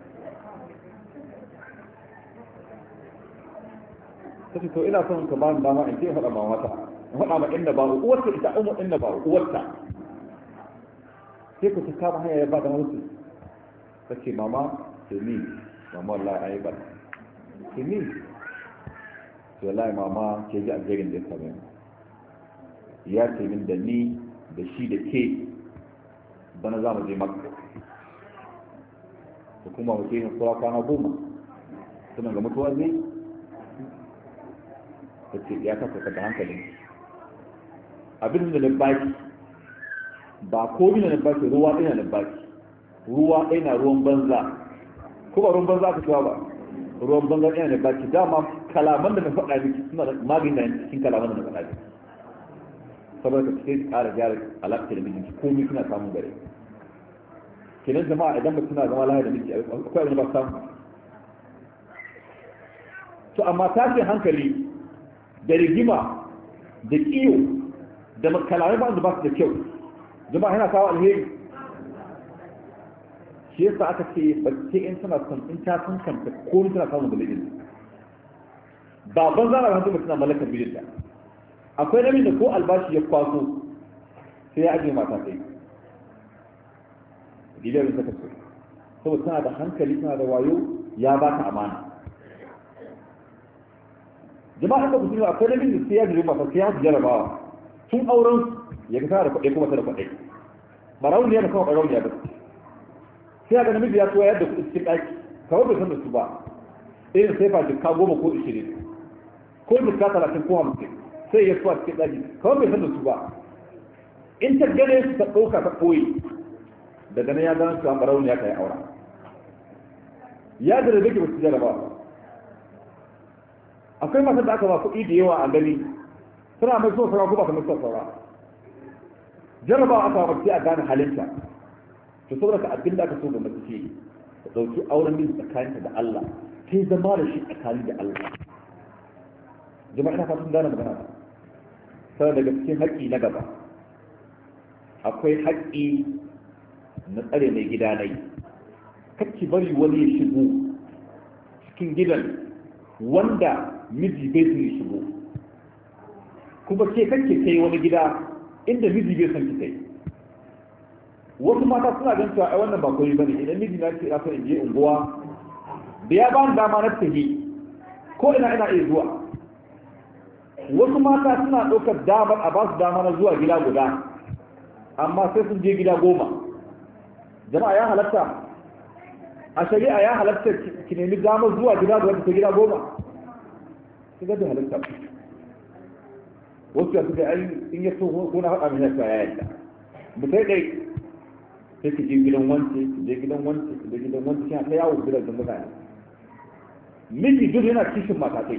ce to ina son ka bani dama in ce faɗa ba mata in faɗa ma inda ba uwarta ita umu inda ba uwarta sai ku ta kama hanya ya ba da ta ce mama to ni mama wallahi ai ba to ni to wallahi mama ke ji aljerin da ta bayan ya ce min da ni da shi da ke bana za mu je makka Hukumar kuma mu ce yin kwana goma suna ga mutuwa zai Ka ce ya kasa da hankali. abin da na baki ba komi na baki ruwa ɗaya na baki ruwa ɗaya na ruwan banza ko ba ruwan banza ka cewa ba ruwan banza ɗaya na baki dama kalaman da na faɗa miki suna magani na cikin kalaman da na faɗa miki saboda ka sai ƙara gyara alaƙa da mijinki komai suna samun gare kenan jama'a idan mutum na zama lahiyar da miki akwai abin da ba samu to amma tashin hankali da rigima da kiyo da makalamai ba su ba su da kyau zuma yana kawo alheri shi yasa aka ce bace in suna son in ta sun kanta ko in suna samun dalilin ba ban zara ba mutum tana mallakar mijinta akwai nabi da ko albashi ya kwaso sai ya ajiye mata sai gidan ta kaso saboda tana da hankali tana da wayo ya ba ta amana jama'a haka musulmi akwai da da sai ya jiri masa sai ya jarabawa tun auren ya ga tara kuɗi kuma tara kuɗi barawun ne ya kuma barawun ya gaske sai ga namiji ya tuwa yadda kuɗi cikin ɗaki kawai bai san da su ba irin sai fa jikka goma ko ishirin ko jikka talatin ko hamsin sai ya tuwa cikin ɗaki kawai bai san da su ba in ta gane su ta ɗauka ta ɓoye daga nan ya gane su an barawun ya kai aura ya jarabe ki ba su jarabawa akwai masu da aka ba kuɗi da yawa a gani suna mai so saura ko ba su mai saura jarrabawa aka ba sai a gane halinta to saboda ka abin da aka so ga mace ce ta ɗauki auren yin tsakaninta da Allah ta yi zama da shi tsakani da Allah jama'a ina fatan gane magana ba sai daga cikin haƙƙi na gaba akwai haƙƙi na tsare mai gida na yi kacci bari wani ya shigo cikin gidan wanda miji bai sun shigo kuma ke kake kai wani gida inda miji bai san ki kai wasu mata suna gan cewa ai wannan ba koyi bane idan miji na ce asa in je unguwa da ya bani dama na tafi ko ina ina iya zuwa wasu mata suna ɗaukar damar a ba su dama na zuwa gida guda amma sai sun je gida goma jama'a ya halatta a shari'a ya halatta ki nemi damar zuwa gida guda ta gida goma kaga da halitta wasu yasu da ai in ya so ko na mai yasa ya yadda mu sai dai sai ki je gidan wance ki je gidan wance ki je gidan wance kina ta yawon gidan da mutane miji duk yana kishin mata kai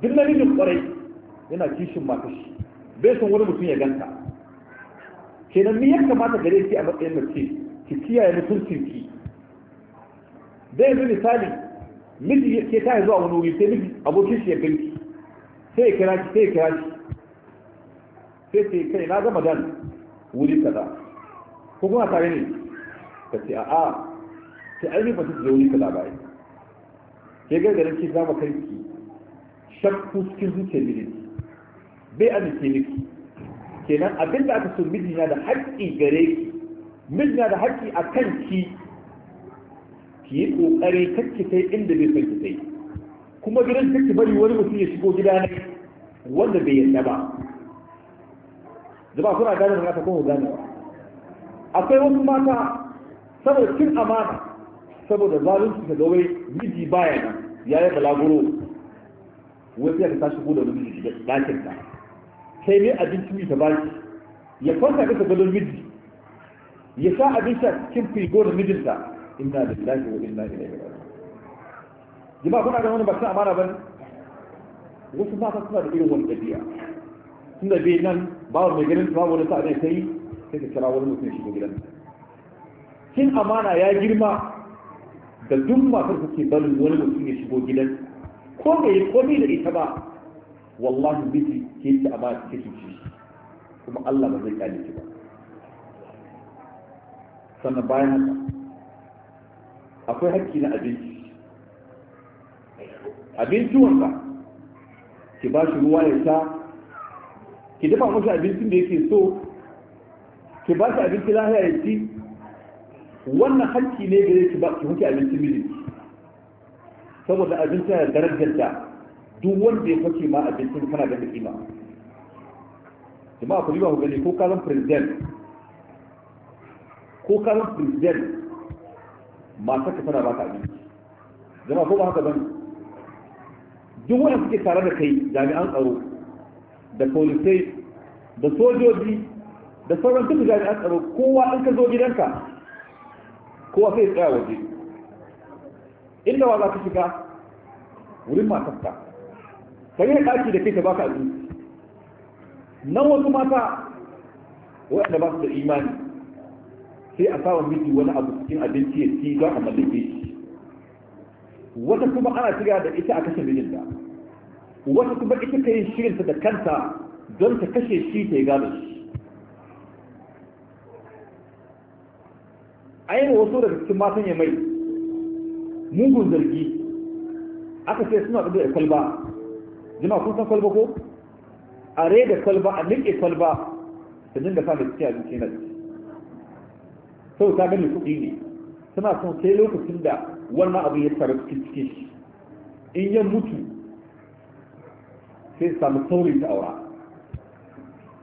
duk na mijin kwarai yana kishin mata shi bai son wani mutum ya ganta kenan mi ya kamata gare ki a matsayin mace ki kiyaye mutuncinki dai yanzu misali miji ke ta zuwa wani wuri sai miji abokin shi ya shi sai ya kira shi sai ya kira shi sai ce kai na gama dan wuri kaza ko kuma tare ne ka ce a'a sai ba rufe zo wuri kaza ba ke ga garin ki zama kanki shakku cikin zuciyar miji bai amince miki kenan abinda aka so miji na da haƙƙi gare ki miji na da haƙƙi a kan ki ki yi kokari kakki kai inda bai san ki sai. kuma gidan kakki bari wani mutum ya shigo gida ne wanda bai yadda ba zama kuna gane da ta kuma gane ba akwai wasu mata saboda cin amana saboda zalunci ta gawai miji baya nan ya yi balaguro wasu ya ta shigo da wani miji da ɗakin ta sai ne abinci mai ta baki ya kwanta kasa gadon miji ya sa abinci a cikin figo da mijinta inna lillahi wa inna ilaihi raji'un jama'a kuna ga wani ba ta amana bane wasu ba suna da irin wani dabi'a tun da bai nan babu mai ganin babu wani sa'a ne kai sai ka kira wani mutum shiga gidan kin amana ya girma da duk matar ke barin wani mutum ya shigo gidan ko mai yi komai da ita ba wallahi biki ke ta amana ke ci kuma Allah ba zai kyale ki ba sannan bayan haka akwai hakki na abinci abinci wanda ki ba shi ruwa ya sha ki dafa mashi abincin da yake so ki ba shi abinci lahiya ya ci wannan hakki ne gare ki ba ki huke abincin mijinki saboda abinci ya darajar da duk wanda ya fake ma abincin kana da kima jama'a ku riba ku gani ko kalan president ko kalan president matar ka tana baka abinci zama ko ba haka ba duk wanda suke tare da kai jami'an tsaro da polisai da sojoji da sauran duk jami'an tsaro kowa in ka zo gidanka kowa sai tsaya waje inda wa za ka shiga wurin matarka ka yi ɗaki da kai ta baka abinci nan wasu mata waɗanda ba su da imani sai a sawa miji wani abu cikin abinci ya ci don a mallake shi wata kuma ana shiga da ita a kashe mijinta wata kuma ita ka yi shirinta da kanta don ta kashe shi ta yi gano shi a yi wasu daga cikin matan ya mai mugun zargi aka ce suna ɗaga da kwalba jima kun san kwalba ko a da kwalba a niƙe kwalba ta dinga sa mai cikin abinci na sau ta gani kuɗi ne suna son sai lokacin da wannan abu ya tsara cikin cikin shi in ya mutu sai samu saurin ta aura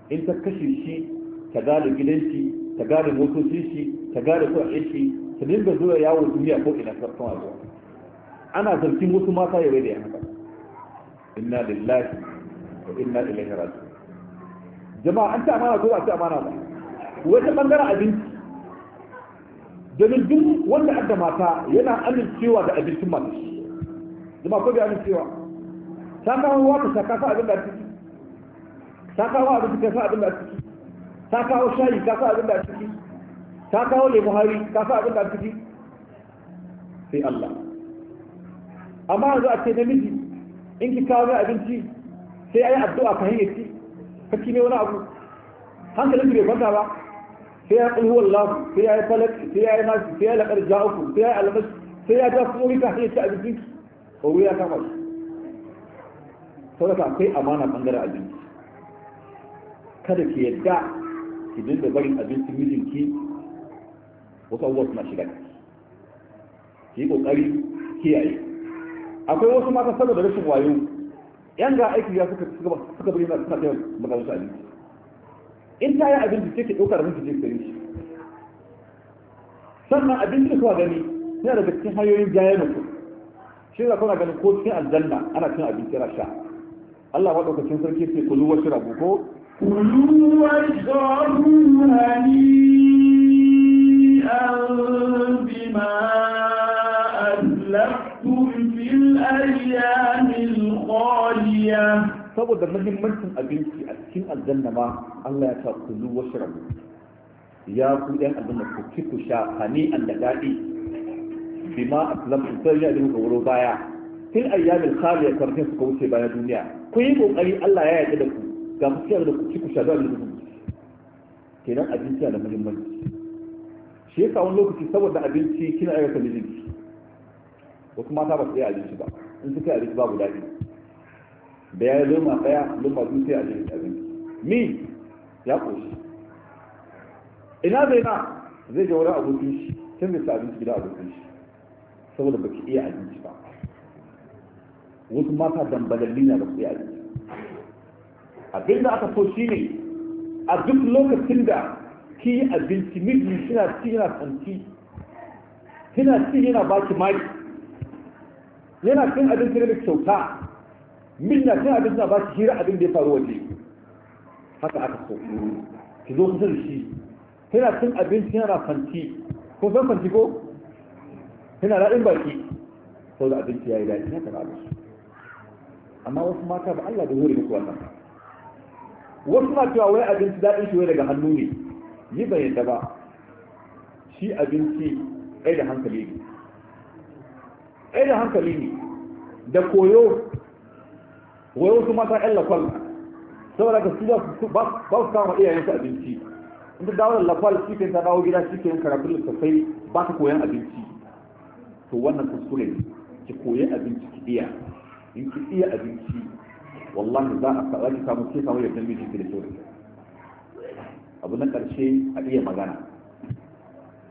in ta kashe shi ta gada gidan shi ta gada motocin shi ta gada kuɗaɗen shi ta dinga zuwa yawon duniya ko ina sarfin abu ana zargin wasu mata ya da ya haka inna lillahi wa inna ilaihi raji'un jama'a an ta amana ko ba ta amana ba wata bangaren abinci domin duk wanda adda mata yana amincewa da abincin mata zama ko bai amincewa ta kawo ta saka sa abin da ciki ta kawo abin da sa abin da ciki ta kawo shayi ka sa abin da ciki ta kawo lemu hari ta sa abin da ciki sai Allah amma yanzu a ce namiji in ki kawo mai abinci sai ayi addu'a ka hanyar ci kaki ne wani abu hankalin bai kwanta ba sai ya kulhu Allah sai ya yi falak sai ya yi nasu sai ya laƙar ja'uku sai ya yi almas sai ya ja kuma rika sai ya ci abinci tsoro ya kama shi saboda akwai amana bangaren abinci kada ki yadda ki dinga barin abincin mijinki wasu abubuwa suna shiga ki yi ƙoƙari kiyaye akwai wasu mata saboda rashin wayo yan ga aiki ya suka suka suka bari na suka taimaka musu abinci in ta yi abinci sai ki ɗaukar abinci je sayi shi sannan abinci da kuwa gani yana daga cikin hanyoyin jayen mutum shi da kuma ganin ko cikin aljanna ana cin abinci na sha Allah maɗaukacin sarki ce kulu wa shirabu ko kulu wa shirabu an bima أسلفتم في خالية saboda muhimmancin abinci a cikin aljanna ma Allah ya ta kulu washrabu ya ku ɗan aljanna ku ci ku sha hani an da daɗi bima aslamtu sai ya dinga wuro baya fil ayyamin khaliya karfin su wuce baya duniya ku yi kokari Allah ya yarda da ku ga ku ciyar da ku ci ku sha da ku kenan abinci da muhimmanci shi yasa wani lokaci saboda abinci kina aikata mijinki wasu mata ba su iya abinci ba in suka yi abinci babu daɗi da ya loma ɗaya loma sun sai a jirgin abinci mi ya ƙoshi ina zai na zai ga wurin abokin shi can bai sa abinci gida abokin shi saboda baki iya abinci ba wasu mata dambalalli na da kuya abinci abin da aka so shi ne a duk lokacin da ki abinci miji suna ci yana tsanci kina ci yana baki mari yana cin abinci da kyauta min na abin sa ba su hira abin da ya faru waje haka aka so ki zo kusa da shi tana cin abinci yana fanti ko san fanti ko yana daɗin baki sau da abinci ya yi daɗi haka na abin amma wasu mata ba Allah da zuri muku wannan wasu na cewa wai abinci daɗin shi wai daga hannu ne yi ban yadda ba shi abinci ɗaya da hankali ne ɗaya da hankali ne da koyo wai wasu mata ƴan lakwal saboda ka su ba su kama iyayensu abinci in ta dawo da lakwal shi ta dawo gida shi ke karatun littattafai ba ta koyan abinci to wannan kuskure ki koyi abinci ki iya in ki iya abinci wallahi za a kaɗa ki samu ke samu yadda miji ki da kyau abu na karshe a iya magana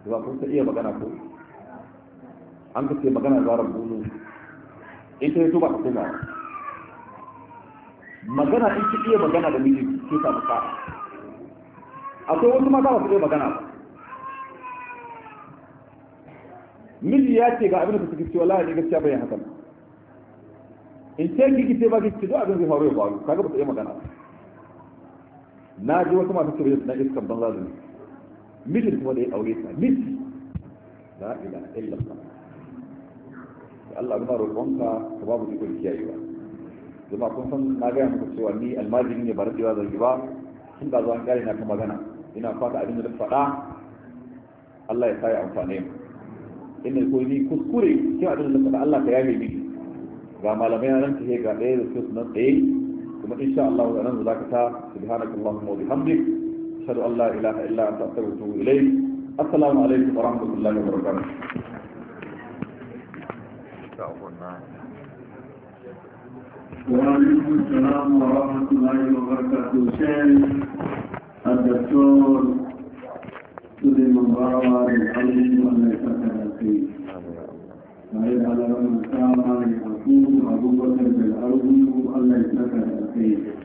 ba kun ta iya magana ko an ka ce magana zarar bunu in ta yi tuba ka kuma magana in ki iya magana da miji ki samu a akwai wasu mata ba su iya magana ba miji ya ce ga abin da suke cewa lahani gaskiya bai haka in ce ki ki ce ba ki ce duk abin zai faru ya faru kaga ba su iya magana ba na ji wasu masu cewa na iska banza da ni miji kuma da ya aure ta miji la ilaha illallah Allah ya ba roƙonka ka babu ikon kiyayewa zama kun san na gaya muku cewa ni almajiri ne ba rabewa zargi ba tun da zuwa kare na ta magana ina fata abin da faɗa Allah ya sa ya amfane mu inda ko ni kuskure abin da faɗa Allah ka yaye ga malamai na nan ga ɗaya da su nan tsaye kuma insha Allah da nan za ta subhanakallahumma wa bihamdik ashhadu an la ilaha illa anta astaghfiruka wa assalamu alaikum wa rahmatullahi wa barakatuh وعليكم السلام ورحمة الله وبركاته شيخ الدكتور سليمان مبارك الحمد لله فيه وعيد على من سامع يقول أبو بكر بالأرض الله يسكت فيه